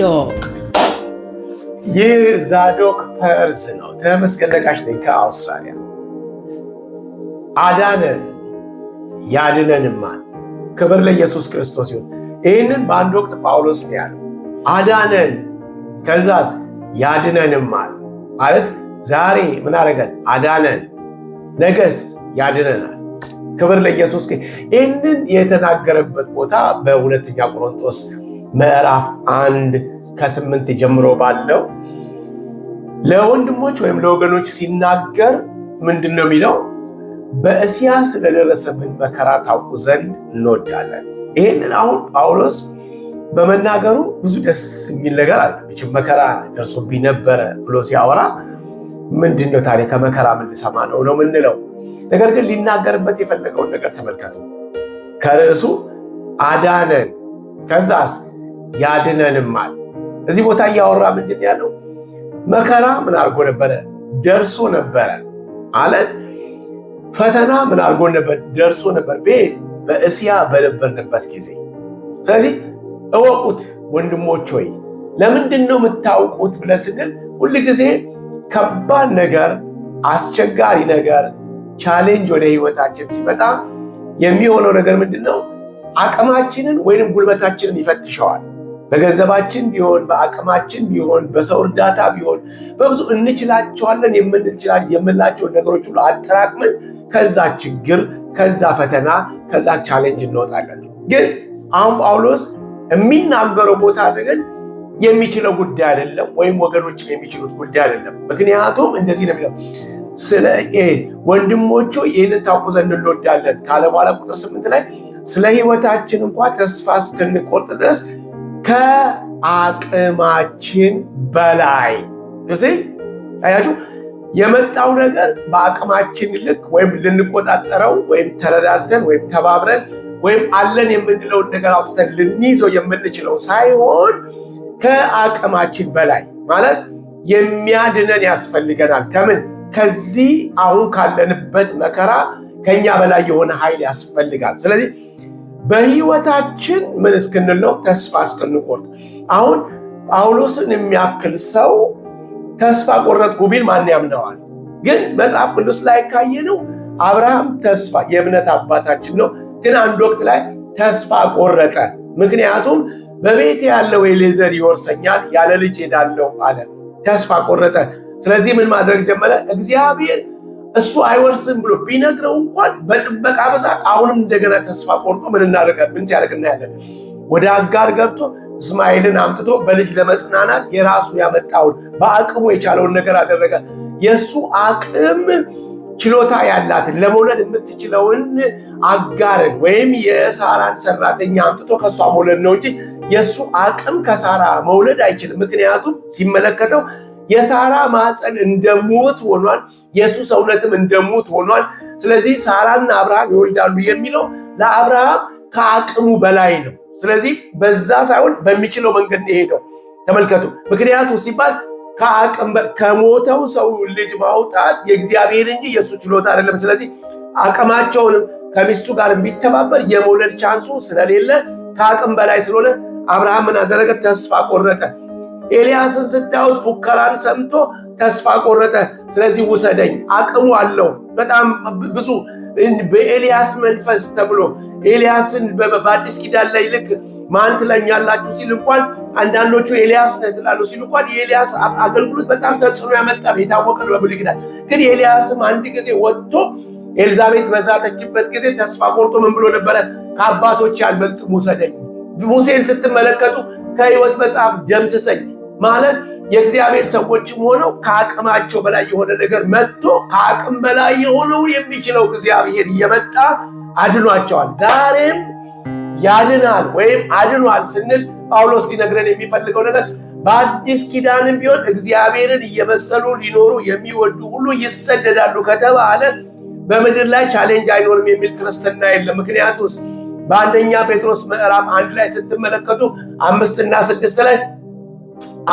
ዛዶቅ ይህ ዛዶቅ ፐርዝ ነው። ተመስገን ነጋሽ ነኝ ከአውስትራሊያ። አዳነን ያድነንማል። ክብር ለኢየሱስ ክርስቶስ ይሁን። ይህንን በአንድ ወቅት ጳውሎስ ነው ያለው፣ አዳነን ከዛዝ ያድነንማል ማለት ዛሬ ምን አደረገን? አዳነን፣ ነገስ ያድነናል። ክብር ለኢየሱስ። ይህንን የተናገረበት ቦታ በሁለተኛ ቆሮንቶስ ምዕራፍ አንድ ከስምንት ጀምሮ ባለው ለወንድሞች ወይም ለወገኖች ሲናገር ምንድን ነው የሚለው? በእስያ ስለደረሰብን መከራ ታውቁ ዘንድ እንወዳለን። ይህንን አሁን ጳውሎስ በመናገሩ ብዙ ደስ የሚል ነገር አለ። መቼም መከራ ደርሶብኝ ነበረ ብሎ ሲያወራ ምንድን ነው ታዲያ ከመከራ የምንሰማ ነው ነው የምንለው። ነገር ግን ሊናገርበት የፈለገውን ነገር ተመልከቱ። ከርዕሱ አዳነን ከዛስ ያድነንማል። እዚህ ቦታ እያወራ ምንድን ያለው መከራ ምን አድርጎ ነበረ? ደርሶ ነበረ ማለት ፈተና ምን አድርጎ ነበር? ደርሶ ነበር። ቤት በእስያ በነበርንበት ጊዜ ስለዚህ እወቁት ወንድሞች ወይ ለምንድን ነው የምታውቁት ብለህ ስንል ጊዜ ከባድ ነገር፣ አስቸጋሪ ነገር፣ ቻሌንጅ ወደ ህይወታችን ሲመጣ የሚሆነው ነገር ምንድን ነው? አቅማችንን ወይንም ጉልበታችንን ይፈትሸዋል። በገንዘባችን ቢሆን በአቅማችን ቢሆን በሰው እርዳታ ቢሆን በብዙ እንችላቸዋለን የምንላቸው ነገሮች ሁሉ አጠራቅመን ከዛ ችግር ከዛ ፈተና ከዛ ቻሌንጅ እንወጣለን። ግን አሁን ጳውሎስ የሚናገረው ቦታ ግን የሚችለው ጉዳይ አይደለም፣ ወይም ወገኖች የሚችሉት ጉዳይ አይደለም። ምክንያቱም እንደዚህ ነው የሚለው ስለ ወንድሞቹ ይህንን ታውቁ ዘንድ እንወዳለን ካለ በኋላ ቁጥር ስምንት ላይ ስለ ሕይወታችን እንኳ ተስፋ እስክንቆርጥ ድረስ ከአቅማችን በላይ ጊዜ የመጣው ነገር በአቅማችን ልክ ወይም ልንቆጣጠረው ወይም ተረዳድተን ወይም ተባብረን ወይም አለን የምንለውን ነገር አውጥተን ልንይዘው የምንችለው ሳይሆን ከአቅማችን በላይ ማለት የሚያድነን ያስፈልገናል። ከምን ከዚህ አሁን ካለንበት መከራ ከኛ በላይ የሆነ ኃይል ያስፈልጋል። ስለዚህ በህይወታችን ምን እስክንል ነው? ተስፋ እስክንቆርጥ። አሁን ጳውሎስን የሚያክል ሰው ተስፋ ቆረጥኩ ቢል ማን ያምነዋል? ግን መጽሐፍ ቅዱስ ላይ ካየነው አብርሃም ተስፋ የእምነት አባታችን ነው። ግን አንድ ወቅት ላይ ተስፋ ቆረጠ። ምክንያቱም በቤት ያለው ኤሌዘር ይወርሰኛል፣ ያለ ልጅ ሄዳለሁ አለ። ተስፋ ቆረጠ። ስለዚህ ምን ማድረግ ጀመረ? እግዚአብሔር እሱ አይወርስም ብሎ ቢነግረው እንኳን በጥበቃ ብዛት አሁንም እንደገና ተስፋ ቆርጦ ምን እናደርጋል? ምን ሲያደርግ እናያለን። ወደ አጋር ገብቶ እስማኤልን አምጥቶ በልጅ ለመጽናናት የራሱ ያመጣውን በአቅሙ የቻለውን ነገር አደረገ። የእሱ አቅም ችሎታ ያላትን ለመውለድ የምትችለውን አጋርን ወይም የሳራን ሰራተኛ አምጥቶ ከእሷ መውለድ ነው እንጂ የእሱ አቅም ከሳራ መውለድ አይችልም። ምክንያቱም ሲመለከተው የሳራ ማፀን እንደሞት ሆኗል። ኢየሱስ እውነትም እንደሙት ሆኗል። ስለዚህ ሳራና አብርሃም ይወልዳሉ የሚለው ለአብርሃም ከአቅሙ በላይ ነው። ስለዚህ በዛ ሳይሆን በሚችለው መንገድ ነው የሄደው። ተመልከቱ። ምክንያቱ ሲባል ከሞተው ሰው ልጅ ማውጣት የእግዚአብሔር እንጂ የእሱ ችሎታ አይደለም። ስለዚህ አቅማቸውንም ከሚስቱ ጋር ቢተባበር የመውለድ ቻንሱ ስለሌለ ከአቅም በላይ ስለሆነ አብርሃም ምን አደረገ? ተስፋ ቆረጠ። ኤልያስን ስታዩት ፉከራን ሰምቶ ተስፋ ቆረጠ። ስለዚህ ውሰደኝ፣ አቅሙ አለው በጣም ብዙ በኤልያስ መንፈስ ተብሎ ኤልያስን በአዲስ ኪዳን ላይ ልክ ማን ትለኛላችሁ ሲል እንኳን አንዳንዶቹ ኤልያስ ነህ ትላሉ ሲል እንኳን የኤልያስ አገልግሎት በጣም ተጽዕኖ ያመጣ ነው፣ የታወቀ ነው በብሉይ ኪዳን። ግን ኤልያስም አንድ ጊዜ ወጥቶ ኤልዛቤት በዛተችበት ጊዜ ተስፋ ቆርጦ ምን ብሎ ነበረ? ከአባቶች አልበልጥም ውሰደኝ። ሙሴን ስትመለከቱ ከህይወት መጽሐፍ ደምስሰኝ ማለት የእግዚአብሔር ሰዎችም ሆነው ከአቅማቸው በላይ የሆነ ነገር መጥቶ ከአቅም በላይ የሆነው የሚችለው እግዚአብሔር እየመጣ አድኗቸዋል። ዛሬም ያድናል ወይም አድኗል ስንል ጳውሎስ ሊነግረን የሚፈልገው ነገር በአዲስ ኪዳንም ቢሆን እግዚአብሔርን እየመሰሉ ሊኖሩ የሚወዱ ሁሉ ይሰደዳሉ ከተባለ በምድር ላይ ቻሌንጅ አይኖርም የሚል ክርስትና የለም። ምክንያቱስ በአንደኛ ጴጥሮስ ምዕራፍ አንድ ላይ ስትመለከቱ አምስትና ስድስት ላይ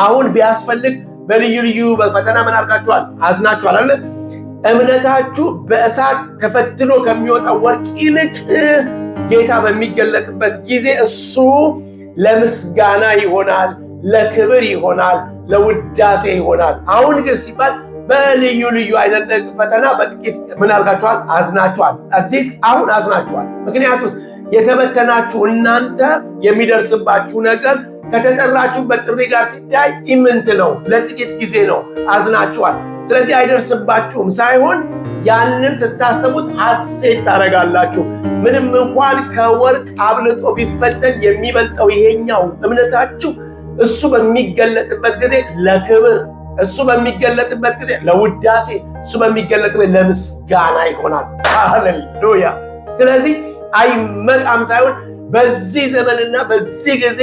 አሁን ቢያስፈልግ በልዩ ልዩ ፈተና ምን አድርጋችኋል? አዝናችኋል አለ። እምነታችሁ በእሳት ተፈትኖ ከሚወጣው ወርቅ ይልቅ ጌታ በሚገለጥበት ጊዜ እሱ ለምስጋና ይሆናል፣ ለክብር ይሆናል፣ ለውዳሴ ይሆናል። አሁን ግን ሲባል በልዩ ልዩ አይነት ፈተና በጥቂት ምን አድርጋችኋል? አዝናችኋል። አትሊስት አሁን አዝናችኋል። ምክንያቱ የተበተናችሁ እናንተ የሚደርስባችሁ ነገር ከተጠራችሁበት ጥሪ ጋር ሲታይ ኢምንት ነው፣ ለጥቂት ጊዜ ነው። አዝናችኋል፣ ስለዚህ አይደርስባችሁም ሳይሆን ያንን ስታሰቡት ሐሴት ታደርጋላችሁ። ምንም እንኳን ከወርቅ አብልጦ ቢፈተን የሚበልጠው ይሄኛው እምነታችሁ እሱ በሚገለጥበት ጊዜ ለክብር እሱ በሚገለጥበት ጊዜ ለውዳሴ እሱ በሚገለጥበት ለምስጋና ይሆናል። ሃሌሉያ። ስለዚህ አይመጣም ሳይሆን በዚህ ዘመንና በዚህ ጊዜ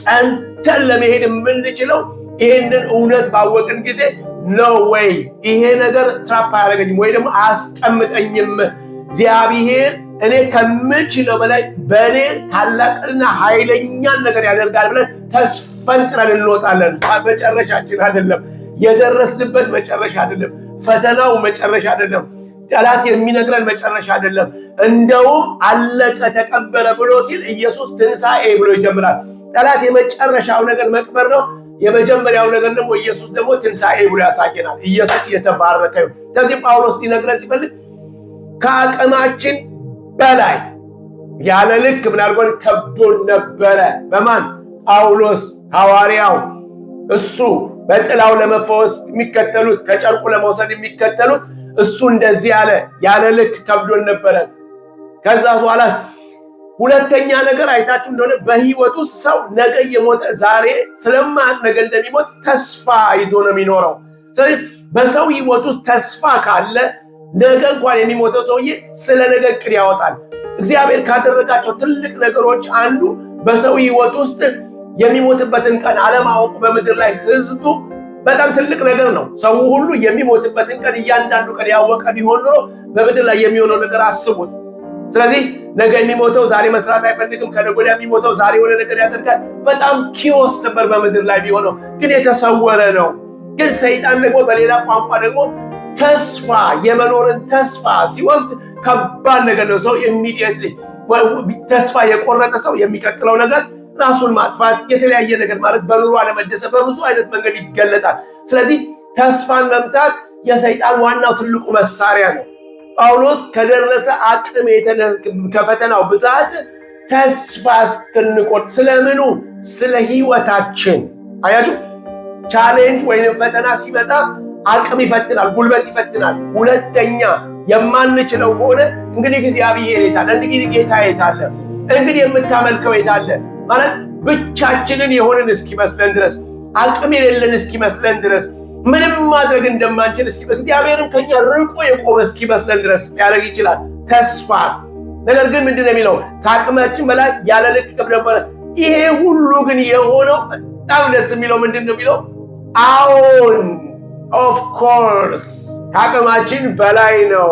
ጸንተን ለመሄድ የምንችለው ይህንን እውነት ባወቅን ጊዜ ነው ወይ ይሄ ነገር ትራፕ አያደርገኝም ወይ ደግሞ አያስቀምጠኝም። እግዚአብሔር እኔ ከምችለው በላይ በእኔ ታላቅና ኃይለኛን ነገር ያደርጋል ብለን ተስፈንጥረን እንወጣለን። መጨረሻችን አይደለም፣ የደረስንበት መጨረሻ አይደለም፣ ፈተናው መጨረሻ አይደለም፣ ጠላት የሚነግረን መጨረሻ አይደለም። እንደውም አለቀ ተቀበረ ብሎ ሲል ኢየሱስ ትንሣኤ ብሎ ይጀምራል። ጠላት የመጨረሻው ነገር መቅበር ነው። የመጀመሪያው ነገር ደግሞ ኢየሱስ ደግሞ ትንሣኤ ብሎ ያሳየናል። ኢየሱስ የተባረከ ይሁን። ስለዚህ ጳውሎስ ሊነግረን ሲፈልግ ከአቅማችን በላይ ያለ ልክ ምናልባት ከብዶን ነበረ። በማን ጳውሎስ ሐዋርያው እሱ በጥላው ለመፈወስ የሚከተሉት ከጨርቁ ለመውሰድ የሚከተሉት እሱ እንደዚህ ያለ ያለ ልክ ከብዶን ነበረ። ከዛ በኋላ ሁለተኛ ነገር አይታችሁ እንደሆነ በህይወቱ ሰው ነገ እየሞተ ዛሬ ስለማያውቅ ነገ እንደሚሞት ተስፋ ይዞ ነው የሚኖረው። ስለዚህ በሰው ህይወት ውስጥ ተስፋ ካለ ነገ እንኳን የሚሞተው ሰውዬ ስለ ነገ እቅድ ያወጣል። እግዚአብሔር ካደረጋቸው ትልቅ ነገሮች አንዱ በሰው ህይወት ውስጥ የሚሞትበትን ቀን አለማወቁ በምድር ላይ ህዝቡ በጣም ትልቅ ነገር ነው። ሰው ሁሉ የሚሞትበትን ቀን እያንዳንዱ ቀን ያወቀ ቢሆን ኖሮ በምድር ላይ የሚሆነው ነገር አስቡት። ስለዚህ ነገ የሚሞተው ዛሬ መስራት አይፈልግም። ከነገ ወዲያ የሚሞተው ዛሬ የሆነ ነገር ያደርጋል። በጣም ኪዮስ ነበር በምድር ላይ ቢሆነው፣ ግን የተሰወረ ነው። ግን ሰይጣን ደግሞ በሌላ ቋንቋ ደግሞ ተስፋ የመኖርን ተስፋ ሲወስድ ከባድ ነገር ነው። ሰው ኢሚዲየትሊ ተስፋ የቆረጠ ሰው የሚቀጥለው ነገር ራሱን ማጥፋት፣ የተለያየ ነገር ማለት በኑሮ አለመደሰ በብዙ አይነት መንገድ ይገለጣል። ስለዚህ ተስፋን መምታት የሰይጣን ዋናው ትልቁ መሳሪያ ነው። ጳውሎስ ከደረሰ አቅም ከፈተናው ብዛት ተስፋ እስክንቆርጥ ስለምኑ? ስለ ህይወታችን። አያችሁ፣ ቻሌንጅ ወይም ፈተና ሲመጣ አቅም ይፈትናል፣ ጉልበት ይፈትናል። ሁለተኛ የማንችለው ከሆነ እንግዲህ እግዚአብሔር የታለ? እንግዲህ ጌታ የታለ? እንግዲህ የምታመልከው የታለ? ማለት ብቻችንን የሆንን እስኪመስለን ድረስ አቅም የሌለን እስኪመስለን ድረስ ምንም ማድረግ እንደማንችል እስኪ እግዚአብሔርም ከኛ ርቆ የቆመ መስለን ድረስ ያደረግ ይችላል ተስፋ። ነገር ግን ምንድን ነው የሚለው ከአቅማችን በላይ ያለ ልክ ቅብ ነበረ። ይሄ ሁሉ ግን የሆነው በጣም ደስ የሚለው ምንድን ነው የሚለው አዎን፣ ኦፍ ኮርስ ከአቅማችን በላይ ነው።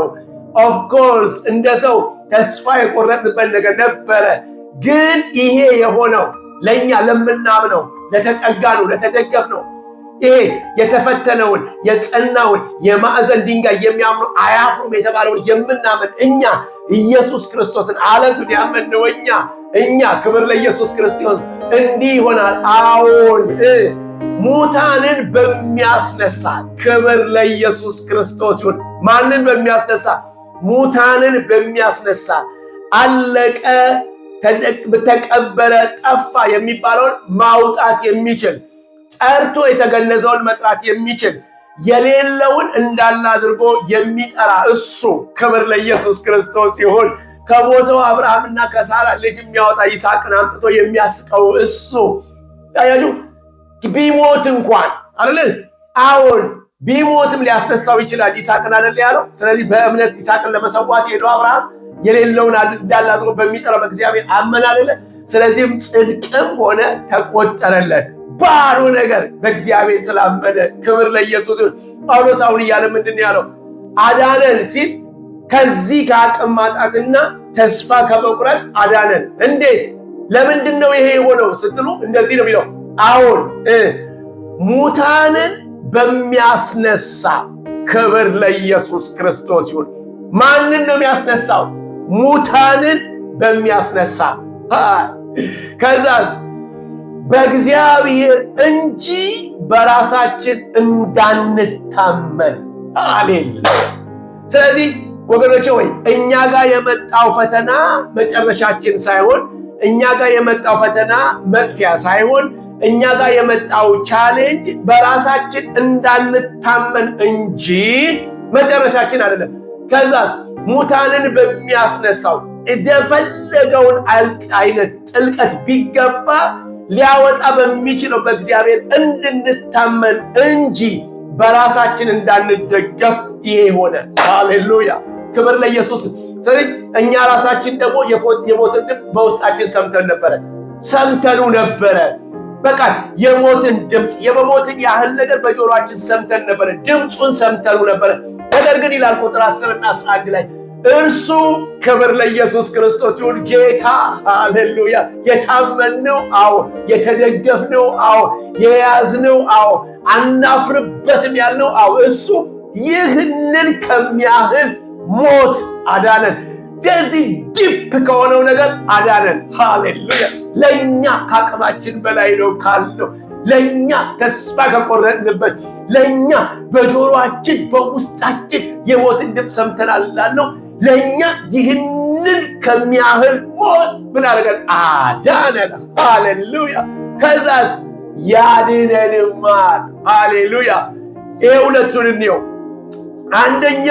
ኦፍ ኮርስ እንደ ሰው ተስፋ የቆረጥንበት ነገር ነበረ። ግን ይሄ የሆነው ለእኛ ለምናምነው ለተጠጋ ነው፣ ለተደገፍ ነው ይሄ የተፈተነውን የጸናውን የማዕዘን ድንጋይ የሚያምኑ አያፍሩም የተባለውን የምናምን እኛ ኢየሱስ ክርስቶስን አለቱን ያመንነው እኛ እኛ ክብር ለኢየሱስ ክርስቶስ እንዲህ ይሆናል። አዎን ሙታንን በሚያስነሳ ክብር ለኢየሱስ ክርስቶስ ይሁን። ማንን በሚያስነሳ? ሙታንን በሚያስነሳ አለቀ፣ ተቀበረ፣ ጠፋ የሚባለውን ማውጣት የሚችል ጠርቶ የተገነዘውን መጥራት የሚችል የሌለውን እንዳለ አድርጎ የሚጠራ እሱ ክብር ለኢየሱስ ክርስቶስ ይሁን። ከቦታው አብርሃምና ከሳራ ልጅ የሚያወጣ ይስሐቅን አምጥቶ የሚያስቀው እሱ ያያጁ ቢሞት እንኳን አለ አሁን ቢሞትም ሊያስነሳው ይችላል። ይስሐቅን አይደል ያለው? ስለዚህ በእምነት ይስሐቅን ለመሰዋት ሄዶ አብርሃም የሌለውን እንዳለ አድርጎ በሚጠራው በእግዚአብሔር አመን አደለ ስለዚህም ጽድቅም ሆነ ተቆጠረለት። ባሉ ነገር በእግዚአብሔር ስላመነ ክብር ለኢየሱስ ጳውሎስ አሁን እያለ ምንድን ነው ያለው? አዳነን ሲል ከዚህ ከአቅም ማጣትና ተስፋ ከመቁረጥ አዳነን። እንዴት? ለምንድን ነው ይሄ የሆነው ስትሉ እንደዚህ ነው የሚለው። አሁን ሙታንን በሚያስነሳ ክብር ለኢየሱስ ክርስቶስ ይሁን። ማንን ነው የሚያስነሳው? ሙታንን በሚያስነሳ ከዛስ በእግዚአብሔር እንጂ በራሳችን እንዳንታመን። አሌለ ስለዚህ ወገኖች ወይ እኛ ጋር የመጣው ፈተና መጨረሻችን ሳይሆን እኛ ጋር የመጣው ፈተና መጥፊያ ሳይሆን እኛ ጋር የመጣው ቻሌንጅ በራሳችን እንዳንታመን እንጂ መጨረሻችን አይደለም። ከዛስ ሙታንን በሚያስነሳው የፈለገውን አይነት ጥልቀት ቢገባ ሊያወጣ በሚችለው በእግዚአብሔር እንድንታመን እንጂ በራሳችን እንዳንደገፍ ይሄ ሆነ። ሃሌሉያ! ክብር ለኢየሱስ። ስለዚህ እኛ ራሳችን ደግሞ የሞትን ድምፅ በውስጣችን ሰምተን ነበረ ሰምተኑ ነበረ። በቃ የሞትን ድምፅ የመሞትን ያህል ነገር በጆሮችን ሰምተን ነበረ፣ ድምፁን ሰምተኑ ነበረ። ነገር ግን ይላል ቁጥር አስርና አስራ ላይ እርሱ ክብር ለኢየሱስ ክርስቶስ ይሁን። ጌታ ሃሌሉያ። የታመንነው አዎ፣ የተደገፍነው አዎ፣ የያዝነው አዎ፣ አናፍርበትም ያልነው አዎ፣ እሱ ይህንን ከሚያህል ሞት አዳነን። እንደዚህ ዲፕ ከሆነው ነገር አዳነን። ሃሌሉያ። ለእኛ ከአቅማችን በላይ ነው ካልነው፣ ለእኛ ተስፋ ከቆረጥንበት፣ ለእኛ በጆሮአችን በውስጣችን የሞትን ድምፅ ሰምተናል ላልነው ለእኛ ይህንን ከሚያህል ሞት ምን አደረገን? አዳነን። ሃሌሉያ። ከዛስ ያድነንማል። ሃሌሉያ። ይሄ ሁለቱን እንየው። አንደኛ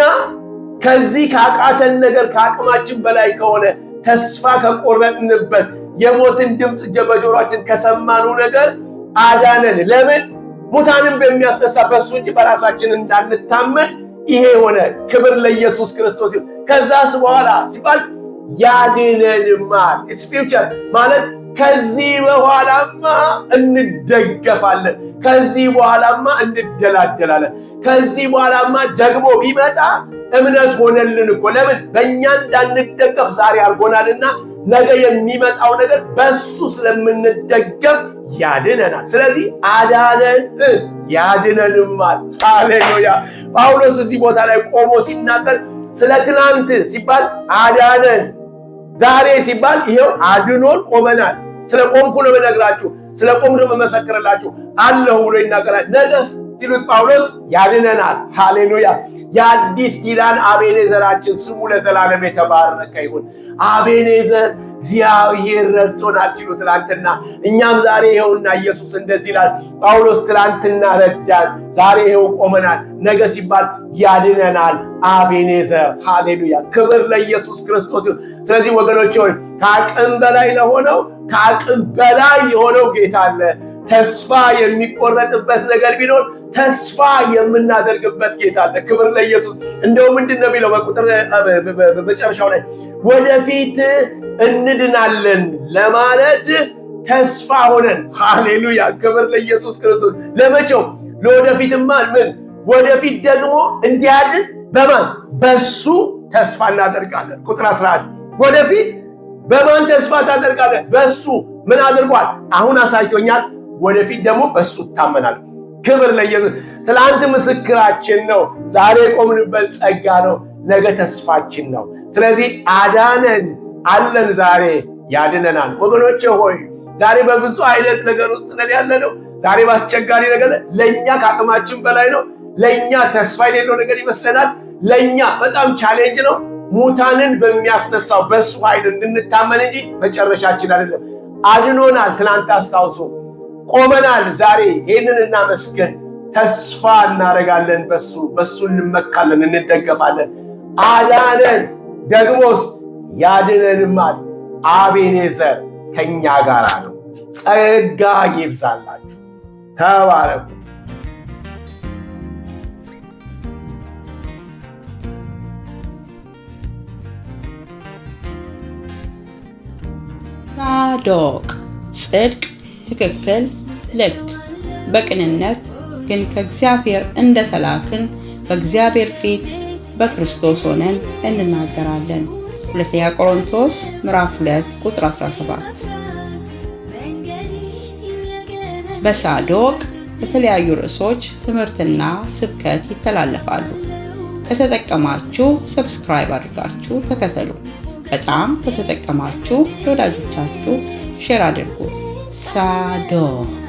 ከዚህ ካቃተን ነገር ከአቅማችን በላይ ከሆነ ተስፋ ከቆረጥንበት የሞትን ድምፅ በጆሯችን ከሰማኑ ነገር አዳነን። ለምን ሙታንም በሚያስነሳ በሱ እንጂ በራሳችን እንዳንታመን ይሄ የሆነ ክብር ለኢየሱስ ክርስቶስ ይሁን። ከዛስ በኋላ ሲባል ያድነንማል። ስፒቸር ማለት ከዚህ በኋላማ እንደገፋለን፣ ከዚህ በኋላማ እንደላደላለን፣ ከዚህ በኋላማ ደግሞ ቢመጣ እምነት ሆነልን እኮ። ለምን በእኛ እንዳንደገፍ ዛሬ አድርጎናልና ነገ የሚመጣው ነገር በሱ ስለምንደገፍ ያድነናል። ስለዚህ አዳነን ያድነንማል። ሃሌሉያ። ጳውሎስ እዚህ ቦታ ላይ ቆሞ ሲናገር ስለ ትናንት ሲባል አዳነን፣ ዛሬ ሲባል ይሄው አድኖን ቆመናል። ስለ ቆምኩ ነው የምነግራችሁ፣ ስለ ቆምኩ ነው የምመሰክርላችሁ አለሁ ብሎ ይናገራል። ነገስ ሲሉት ጳውሎስ ያድነናል። ሃሌሉያ! የአዲስ ኪዳን አቤኔዘራችን ስሙ ለዘላለም የተባረከ ይሁን። አቤኔዘር እግዚአብሔር ረድቶናል ሲሉ ትላንትና፣ እኛም ዛሬ ይኸውና ኢየሱስ እንደዚህ ይላል። ጳውሎስ ትላንትና ረዳን፣ ዛሬ ይኸው ቆመናል። ነገ ሲባል ያድነናል። አቤኔዘር ሃሌሉያ! ክብር ለኢየሱስ ክርስቶስ ይሁን። ስለዚህ ወገኖች ሆይ ከአቅም በላይ ለሆነው ከአቅም በላይ የሆነው ጌታ አለ። ተስፋ የሚቆረጥበት ነገር ቢኖር ተስፋ የምናደርግበት ጌታ አለ። ክብር ለኢየሱስ። እንደው ምንድን ነው የሚለው በቁጥር መጨረሻው ላይ ወደፊት እንድናለን ለማለት ተስፋ ሆነን። ሃሌሉያ! ክብር ለኢየሱስ ክርስቶስ። ለመቼው ለወደፊትማ ምን ወደፊት ደግሞ እንዲያድን በማን በሱ ተስፋ እናደርጋለን። ቁጥር 11 ወደፊት በማን ተስፋ ታደርጋለን? በሱ ምን አድርጓል? አሁን አሳይቶኛል ወደፊት ደግሞ በሱ ይታመናል። ክብር ለኢየሱስ። ትላንት ምስክራችን ነው። ዛሬ የቆምንበት ጸጋ ነው። ነገ ተስፋችን ነው። ስለዚህ አዳነን አለን። ዛሬ ያድነናል። ወገኖቼ ሆይ ዛሬ በብዙ አይነት ነገር ውስጥ ነን ነው። ዛሬ በአስቸጋሪ ነገር ለእኛ ከአቅማችን በላይ ነው። ለእኛ ተስፋ የሌለው ነገር ይመስለናል። ለእኛ በጣም ቻሌንጅ ነው። ሙታንን በሚያስነሳው በእሱ ኃይል እንድንታመን እንጂ መጨረሻችን አይደለም። አድኖናል። ትናንት አስታውሶ። ቆመናል። ዛሬ ይህንን እናመስገን። ተስፋ እናደርጋለን በሱ በሱ እንመካለን፣ እንደገፋለን። አዳነን፣ ደግሞስ ያድነንማል። አቤኔዘር ከእኛ ጋር ነው። ጸጋ ይብዛላችሁ። ተባረኩ። ሳዶቅ ጽድቅ ትክክል፣ ልክ፣ በቅንነት ግን ከእግዚአብሔር እንደተላክን በእግዚአብሔር ፊት በክርስቶስ ሆነን እንናገራለን። ሁለተኛ ቆሮንቶስ ምዕራፍ 2 ቁጥር 17። በሳዶቅ የተለያዩ ርዕሶች ትምህርትና ስብከት ይተላለፋሉ። ከተጠቀማችሁ ሰብስክራይብ አድርጋችሁ ተከተሉ። በጣም ከተጠቀማችሁ ለወዳጆቻችሁ ሼር አድርጉት። Sado.